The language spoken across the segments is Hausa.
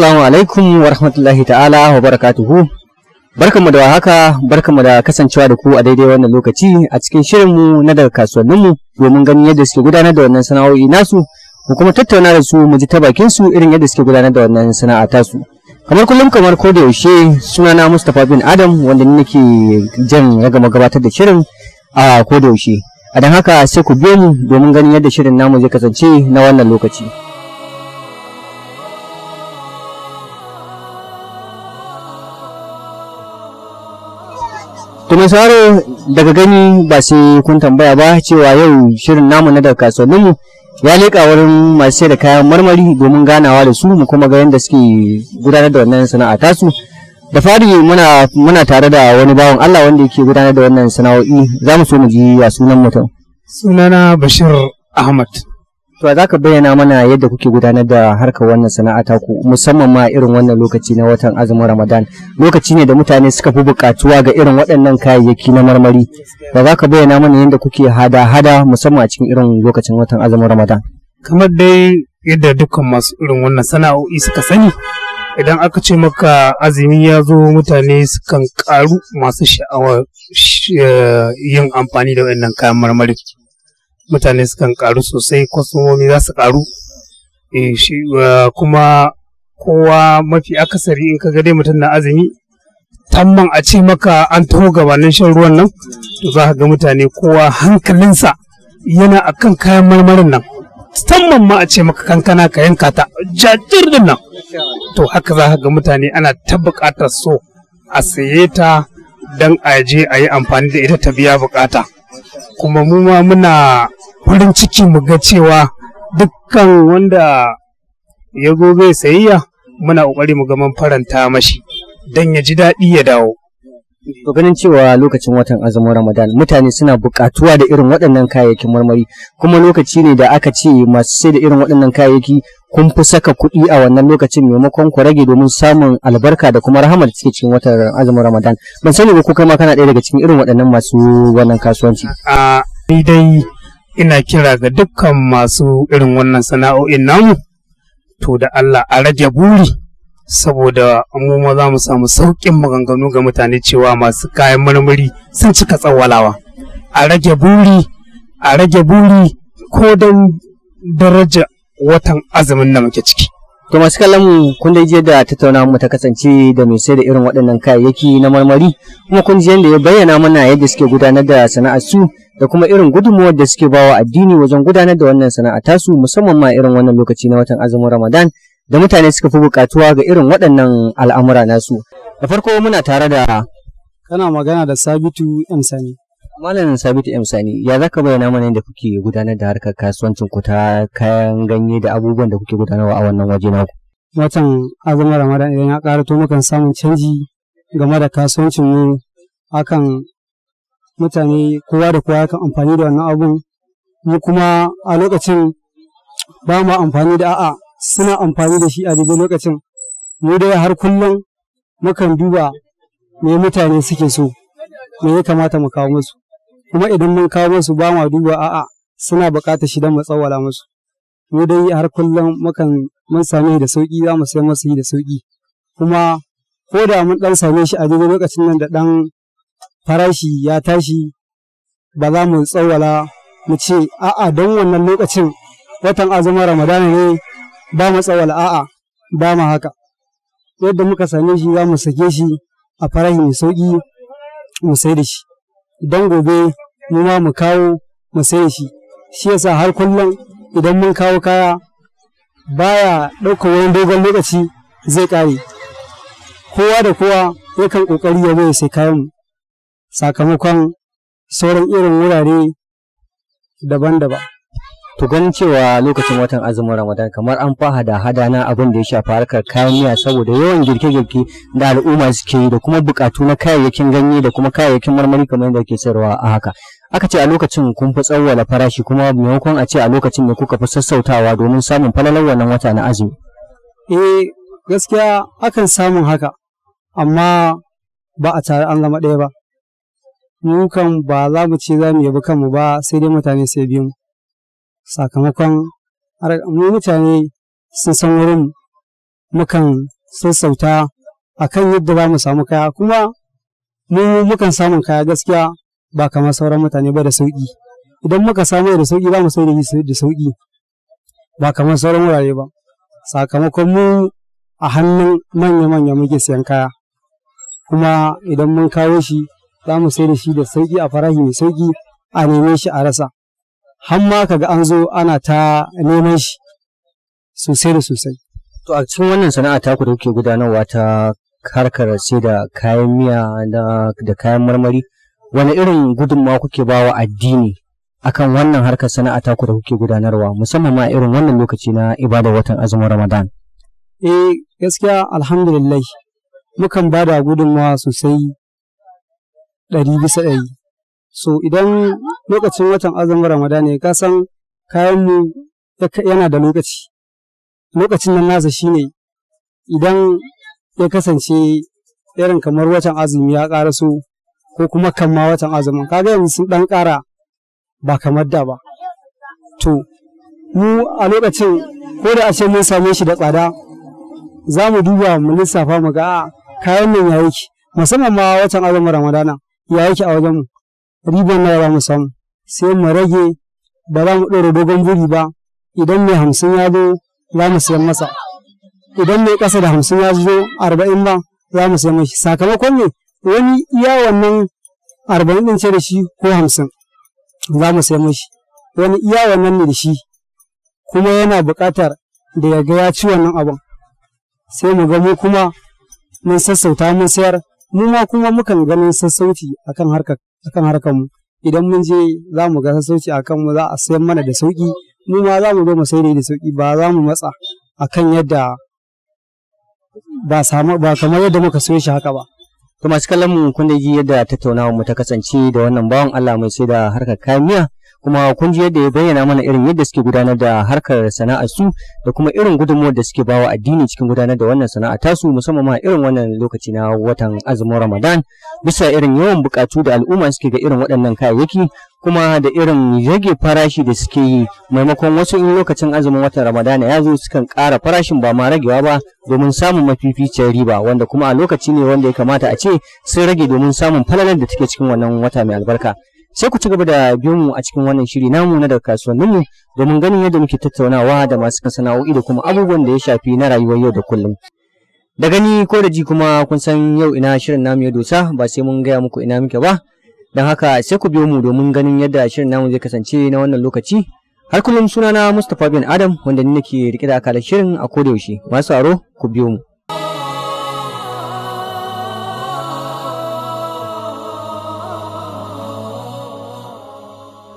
Assalamu alaikum wa rahmatullahi ta'ala wa barakatuhu. mu da haka, mu da kasancewa da ku a daidai wannan lokaci a cikin shirinmu na daga kasuwanninmu domin ganin yadda suke gudanar da wannan sana'o'i nasu ko kuma tattauna da su mu ji ta bakin su irin yadda suke gudanar da wannan sana'a ta su Kamar kullum kamar ko da yaushe suna na Mustapha bin Adam wanda ni nake jan ragama gabatar da shirin a ko da yaushe. A don haka sai ku biyo mu domin ganin yadda shirin namu zai kasance na wannan lokaci. mai sauraro daga gani ba sai kun tambaya ba cewa yau shirin namu na daga kasuwanninmu ya leƙa wurin masu sai da kayan marmari domin ganawa da su mu kuma ga yadda suke gudanar da wannan sana'a tasu da fari muna tare da wani bawan Allah wanda yake gudanar da wannan sana'o'i za mu so mu ji ya sunan mutum sunana Bashir Ahmad To za ka bayyana mana yadda kuke gudanar da harkar wannan sana'a ta ku musamman ma irin wannan lokaci na watan azumin Ramadan lokaci ne da mutane suka fi buƙatuwa ga irin waɗannan kayayyaki na marmari ba za ka bayyana mana yadda kuke hada-hada musamman a cikin irin lokacin watan azumin Ramadan. Kamar dai yadda dukkan masu irin wannan sana'o'i suka sani idan aka ce maka azumi ya zo mutane sukan ƙaru masu sha'awar eh, yin amfani da waɗannan kayan marmari. mutane sukan karu sosai kwasomomi za su karu eh, eh, kuma kowa mafi akasari in ka dai mutum na azumi tamman a ce maka an taho gabanin shan ruwan nan to za ka ga mutane kowa hankalinsa yana akan kayan marmarin nan tamman ma a ce maka kankana ka yanka ta jajir nan to haka za ka ga mutane ana ta buƙatar so a saye ta don a je a yi amfani da ita ta biya buƙata kuma mu ma muna farin ciki mu ga cewa dukkan wanda ya gobe sayayya muna ƙoƙari mu ga faranta mashi don ya ji daɗi ya dawo. To ganin cewa lokacin watan azumin Ramadan mutane suna buƙatuwa da irin waɗannan kayayyakin marmari kuma lokaci ne da aka ce masu sai da irin waɗannan kayayyaki kun fi saka kuɗi a wannan lokacin maimakon ku rage domin samun albarka da kuma rahama da suke cikin watan azumin Ramadan. Ban sani ba ko kai ma kana ɗaya daga cikin irin waɗannan masu wannan kasuwanci. A ni dai ina kira ga dukkan masu irin wannan sana'o'in namu to da Allah a rage buri saboda mu ma za mu samu sauƙin maganganu ga mutane cewa masu kayan marmari sun cika tsawalawa a rage buri a rage buri ko don daraja watan azumin da muke ciki To masu kallon mu kun dai da tattauna mu ta kasance da mai sai da irin waɗannan kayayyaki na marmari kuma kun ji yadda ya bayyana mana yadda suke gudanar da sana'ar su da kuma irin gudunmuwar da suke bawa addini wajen gudanar da wannan sana'a ta su, musamman ma irin wannan lokaci na watan azumin Ramadan da mutane suka fi buƙatuwa ga irin waɗannan al'amura nasu. Da farko muna tare da kana magana da Sabitu M malamin Sabitu M Sani, ya zaka bayyana mana yadda kuke gudanar da harkar kasuwancin ku ta kayan ganye da abubuwan da kuke gudanarwa a wannan waje naku? Watan azumin Ramadan idan ya to mukan samun canji game da kasuwancin mu akan mutane kowa da kowa yakan amfani da wannan abun mu kuma a lokacin ba mu amfani da a'a suna amfani da shi a daidai lokacin mu dai har kullum mukan duba me mutane suke so me ya kamata mu kawo musu kuma idan mun kawo musu ba ma duba a'a suna buƙatar shi don mu musu mu dai har kullum mukan mun same da sauƙi za mu sai musu da sauƙi kuma ko da mun ɗan same shi a daidai lokacin nan da ɗan farashi ya tashi ba za mu tsawala mu ce a'a don wannan lokacin watan azumin ramadana ne ba mu tsawala a'a ba mu haka yadda muka same shi za mu sake shi a farashi mai sauƙi mu sai da shi don gobe mu ma mu kawo mu sai shi shi yasa har kullum idan mun kawo kaya baya ɗaukar wani dogon lokaci zai ƙare kowa da kowa yakan ƙoƙari ya bai sai kayan sakamakon sauran irin wurare daban-daban to ganin cewa lokacin watan azumin ramadan kamar an fa hada hada na abin da ya shafi harkar kayan miya saboda yawan girke-girke da al'umma suke yi da kuma bukatu na kayayyakin ganye da kuma kayayyakin marmari kamar yadda ke sayarwa a haka aka ce a lokacin kun fi tsawwala farashi kuma maimakon a ce a lokacin da kuka fi sassautawa domin samun falalar wannan wata na azumi eh gaskiya akan samun haka amma ba a tare an zama ɗaya ba mu kan ba za mu ce za mu yabi kanmu ba sai dai mutane sai biyu sakamakon mu mutane sun san wurin mukan sassauta a kan yadda za mu samu kaya kuma mu mukan samun kaya gaskiya ba kamar sauran mutane ba da sauƙi idan muka samu da sauƙi ba mu sai da yi da sauƙi ba kamar sauran wurare ba sakamakon mu a hannun manya-manya muke siyan kaya kuma idan mun kawo shi za mu sai da shi da sauƙi a farashi mai sauƙi a neme shi a rasa har ma kaga an zo ana ta neman shi sosai da sosai to a cikin wannan sana'a ta ku da kuke gudanarwa ta harkar sai da kayan miya da kayan marmari wani irin gudunmawa kuke ba wa addini akan wannan harkar sana'a taku da kuke gudanarwa musamman ma irin wannan lokaci na ibada watan azumin ramadan eh gaskiya alhamdulillah mukan ba da gudunmawa sosai ɗari bisa ɗari so idan lokacin watan azumin ramadan ne ka san kayanmu yana da lokaci lokacin nan nasa shine idan ya kasance irin kamar watan azumi ya ƙaraso ko kuma kan ma watan azumin kaga yanzu sun dan kara ba kamar da ba to mu a lokacin ko da a ce mun same shi da tsada za mu duba mu lissafa mu ga kayan nan ya yake musamman ma watan azumin ramadana ya yake a wajen mu riban nawa mu samu sai mu rage ba za mu ɗora dogon buri ba idan mai hamsin ya zo za mu siyan masa idan mai ƙasa da hamsin ya zo arba'in ba za mu siyan mashi sakamakon ne wani iya wannan arba'in ɗin ce da shi ko hamsin za mu sai mashi wani iya wannan ne da shi kuma yana buƙatar da ya ga ya ci wannan abin sai mu ga mu kuma mun sassauta mun sayar mu ma kuma mukan ganin sassauci akan harkar akan harkar mu idan mun je za mu ga sassauci akan mu za a sayar mana da sauki mu ma za mu zo mu sayar da sauki ba za mu matsa akan yadda ba ba kamar yadda muka so shi haka ba To masu kallon mu kun ji yadda tattaunawa mu ta kasance da wannan bawan Allah mai sai da harkar kamiya kuma kun ji yadda ya bayyana mana irin yadda suke gudanar da harkar sana'a su da kuma irin gudunmuwar da suke bawa addini cikin gudanar da wannan sana'a tasu musamman ma irin wannan lokaci na watan azumin Ramadan bisa irin yawan bukatu da al'umma suke ga irin waɗannan kayayyaki kuma da irin rage farashi da suke yi maimakon wasu in lokacin azumin watan ramadana ya zo sukan ƙara farashin ba ma ragewa ba domin samun mafificiyar riba wanda kuma a lokaci ne wanda ya kamata a ce sun rage domin samun falalar da take cikin wannan wata mai albarka sai ku ci gaba da biyo mu a cikin wannan shiri namu na daga kasuwanninmu domin ganin yadda muke tattaunawa da masu sana'o'i da kuma abubuwan da ya shafi na rayuwar yau da kullum da gani ko da ji kuma kun san yau ina shirin namu ya dosa ba sai mun gaya muku ina muke ba Don haka sai ku biyo mu domin ganin yadda shirin namu zai kasance na wannan lokaci. Har kullum sunana Mustapha bin Adam wanda ni nake rike da akalar shirin a kodayaushe. Masu aro ku biyo mu.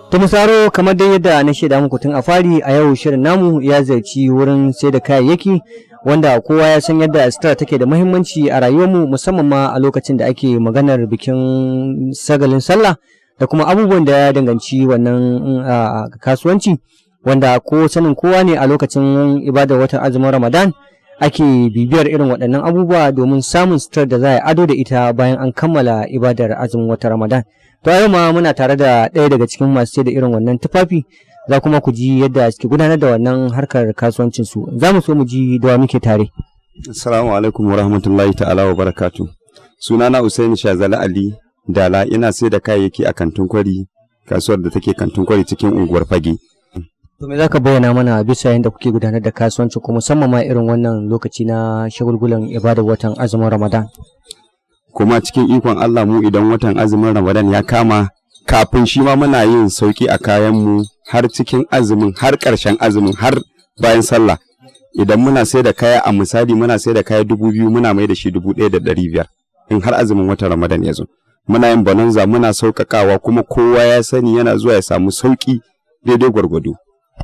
ta musaro kamar dai yadda na shaida muku tun a fari a yau shirin namu ya ziyarci wurin sai da kayayyaki wanda kowa ya san yadda Esther take da muhimmanci a rayuwar mu musamman ma a lokacin da ake maganar bikin sagalin sallah da kuma abubuwan da ya danganci wannan mm, kasuwanci wanda ko sanin kowa ne a lokacin ibadar watan azumin ramadan ake bibiyar irin waɗannan abubuwa domin samun sutura da za a ado da ita bayan an kammala ibadar azumin watan ramadan to a yau ma muna tare da ɗaya daga cikin masu da irin wannan tufafi za kuma ku ji yadda suke gudanar da wannan harkar kasuwancin su za mu so mu ji da muke tare assalamu alaikum wa rahmatullahi ta'ala wa barakatu na usaini shazali ali dala ina sai da kayayyaki a kantin kwari kasuwar da take kantin kwari cikin unguwar fage to me zaka bayyana mana bisa yadda kuke gudanar da kasuwanci kuma musamman ma irin wannan lokaci na shagulgulan ibadar watan azumin ramadan kuma cikin ikon Allah mu idan watan azumin Ramadan ya kama kafin shi ma muna yin sauki a kayan mu har cikin azumin har ƙarshen azumin har bayan sallah idan muna sai da kaya a misali muna sai da kaya dubu biyu muna mai da shi dubu ɗaya da ɗari biyar in har azumin watan ramadan ya zo muna yin bananza muna sauƙaƙawa kuma kowa ya sani yana zuwa ya samu sauƙi daidai gwargwado.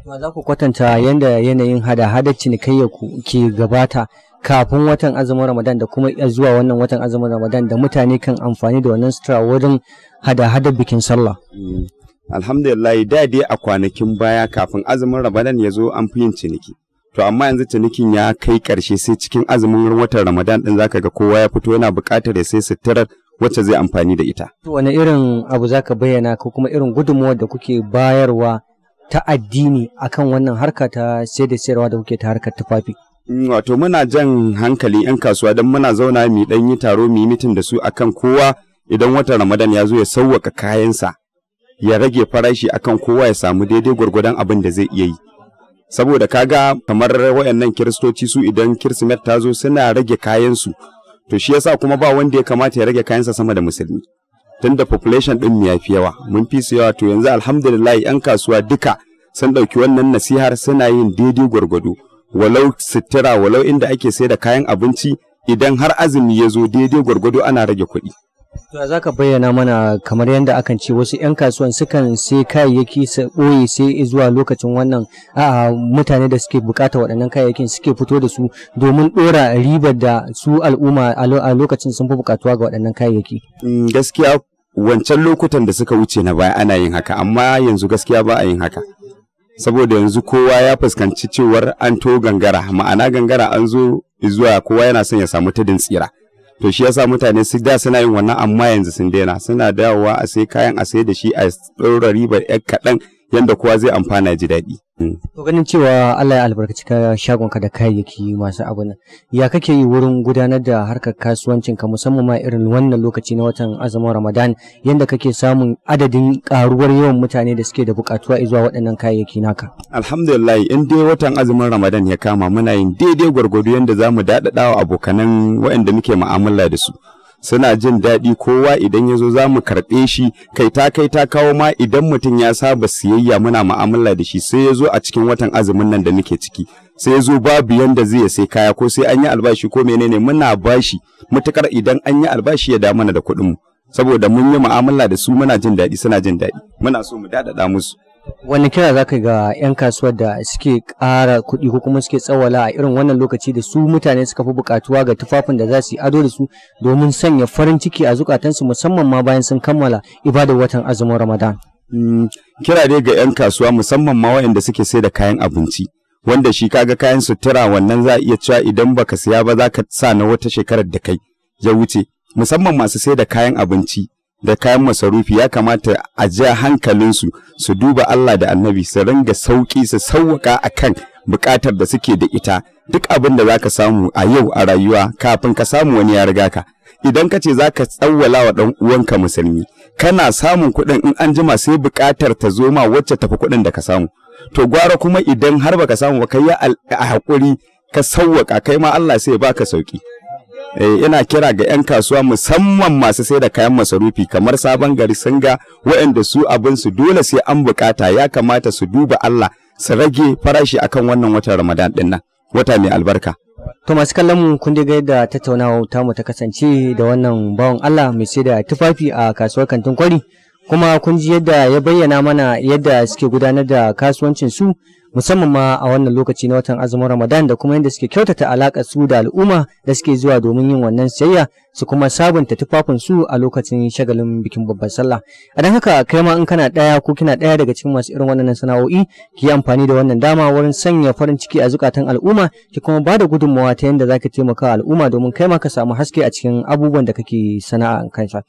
Ma za ku kwatanta yadda yanayin hada hada cinikayya ke gabata kafin watan azumin Ramadan da kuma zuwa wannan watan azumin Ramadan da mutane kan amfani da wannan sutura wurin hada-hadar bikin sallah. Mm. alhamdulillah da dai a kwanakin baya kafin azumin ramadan ya zo an fi yin ciniki to amma yanzu cinikin ya kai karshe sai cikin azumin watan ramadan din zaka ga kowa ya fito yana buƙatar ya sai suturar wacce zai amfani da ita wani irin abu zaka bayyana ko kuma irin gudunmuwar da kuke bayarwa ta addini akan wannan harka ta sai da sayarwa da kuke ta harkar tufafi mm, wato muna jan hankali 'yan kasuwa don muna zauna mu dan yi taro mu yi mitin da su akan kowa idan watan ramadan ya zo ya sauwaka kayansa ya rage farashi akan kowa ya samu daidai gwargwadon abin da zai iya yi saboda kaga kamar wayannan kiristoci su idan kirsimet ta zo suna rage kayansu to shi yasa kuma ba wanda ya kamata ya rage kayansa sama da musulmi da population ɗin mu ya fi yawa mun fi su yawa to yanzu alhamdulillah yan kasuwa duka sun ɗauki wannan nasihar suna yin daidai gwargwado walau sitira walau inda ake sai da kayan abinci idan har azumi ya zo daidai gwargwado ana rage kuɗi. To za ka bayyana mana kamar yadda akan ce wasu 'yan kasuwan sukan sai kayayyaki su ɓoye sai zuwa lokacin wannan a mutane da suke bukata waɗannan kayayyakin suke fito da su domin ɗora ribar da su al'umma a lokacin sun fi bukatuwa ga waɗannan kayayyaki. Mm, gaskiya wancan lokutan da suka wuce na baya ana yin haka amma yanzu gaskiya ba a yin haka. Saboda yanzu kowa ya fuskanci cewar an to gangara ma'ana gangara an zo zuwa kowa yana son ya samu tudun tsira. to shi yasa mutane su da suna yin wannan amma yanzu sun daina suna dawowa a sai kayan a sai da shi a ɗora ribar 'yan kaɗan yanda kowa zai amfana ji daɗi. Hmm. To ganin cewa Allah ya albarkaci ka shagonka da kayayyaki masu abu nan. Ya kake yi wurin gudanar da harkar kasuwancinka musamman ma irin wannan lokaci na watan azumin Ramadan yanda kake samun adadin karuwar yawan mutane da suke da bukatuwa zuwa waɗannan kayayyaki naka. Alhamdulillah in dai watan azumin Ramadan ya kama muna yin daidai gwargwado yanda za mu daɗaɗa wa abokanan waɗanda muke mu'amala da su. suna jin daɗi kowa idan ya zo za mu karɓe shi kai ta kai ta kawo ma idan mutum ya saba siyayya muna mu'amala da shi sai ya zo a cikin watan azumin nan da muke ciki sai ya zo babu yanda zai sai kaya ko sai an yi albashi ko menene muna bashi matukar idan an yi albashi ya da mana da kuɗin mu saboda mun yi mu'amala da su muna jin daɗi suna jin daɗi muna so mu daɗaɗa musu wani kira za ka ga 'yan kasuwar da suke ƙara kuɗi ko kuma suke tsawala a irin wannan lokaci da su mutane suka fi buƙatuwa ga tufafin da za su yi ado da su domin sanya farin ciki a zukatansu musamman ma bayan sun kammala ibadar watan azumin ramadan mm, kira dai ga 'yan kasuwa musamman ma waɗanda suke sai da kayan abinci wanda shi ga kayan sutura wannan za a iya cewa idan baka siya ba za ka sa na wata shekarar da kai ya wuce musamman masu sai da kayan abinci da kayan masarufi ya kamata a ja hankalinsu su duba Allah da annabi su ringa sauƙi su sauwaƙa a kan buƙatar da suke da ita duk abin da za ka samu a yau a rayuwa kafin ka samu wani ya riga ka idan ka ce za ka tsawwala wa ɗan uwanka musulmi kana samun kuɗin in an jima sai buƙatar ta zo ma wacce tafi kuɗin da ka samu to gwara kuma idan har baka samu ba kai ya a haƙuri ka sauwaƙa kai ma Allah sai ya baka sauƙi Eh, ina kira ga 'yan kasuwa musamman masu sai da kayan masarufi kamar sabon gari sun ga waɗanda su abin su dole sai an bukata ya kamata su duba Allah su rage farashi akan wannan watan Ramadan din nan wata mai albarka to masu kallon mu kun dai yadda tattaunawa ta mu ta kasance da wannan bawan Allah mai sai da tufafi a kasuwar kantin kwari kuma kun ji yadda ya bayyana mana yadda suke gudanar da kasuwancin su musamman ma a wannan lokaci na watan azumin Ramadan da kuma yadda suke kyautata alaƙar su da al'umma da suke zuwa domin yin wannan sayayya su kuma sabunta tufafin su a lokacin shagalin bikin babbar sallah. A don haka kai ma in kana ɗaya ko kina ɗaya daga cikin masu irin wannan sana'o'i ki yi amfani da wannan dama wurin sanya farin ciki a zukatan al'umma ki kuma ba da gudunmawa ta yadda za ka taimaka al'umma domin kai ma ka samu haske a cikin abubuwan da kake sana'a kansa.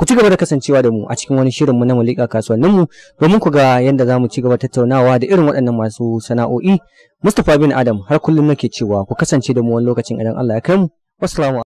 Ku ci gaba da kasancewa da mu a cikin wani shirinmu na mulika mu domin ku ga yadda za mu ci gaba tattaunawa da irin waɗannan masu sana'o'i. Mustapha bin Adam har kullum nake cewa ku kasance da mu wani lokacin idan Allah ya kai mu. Wassalamu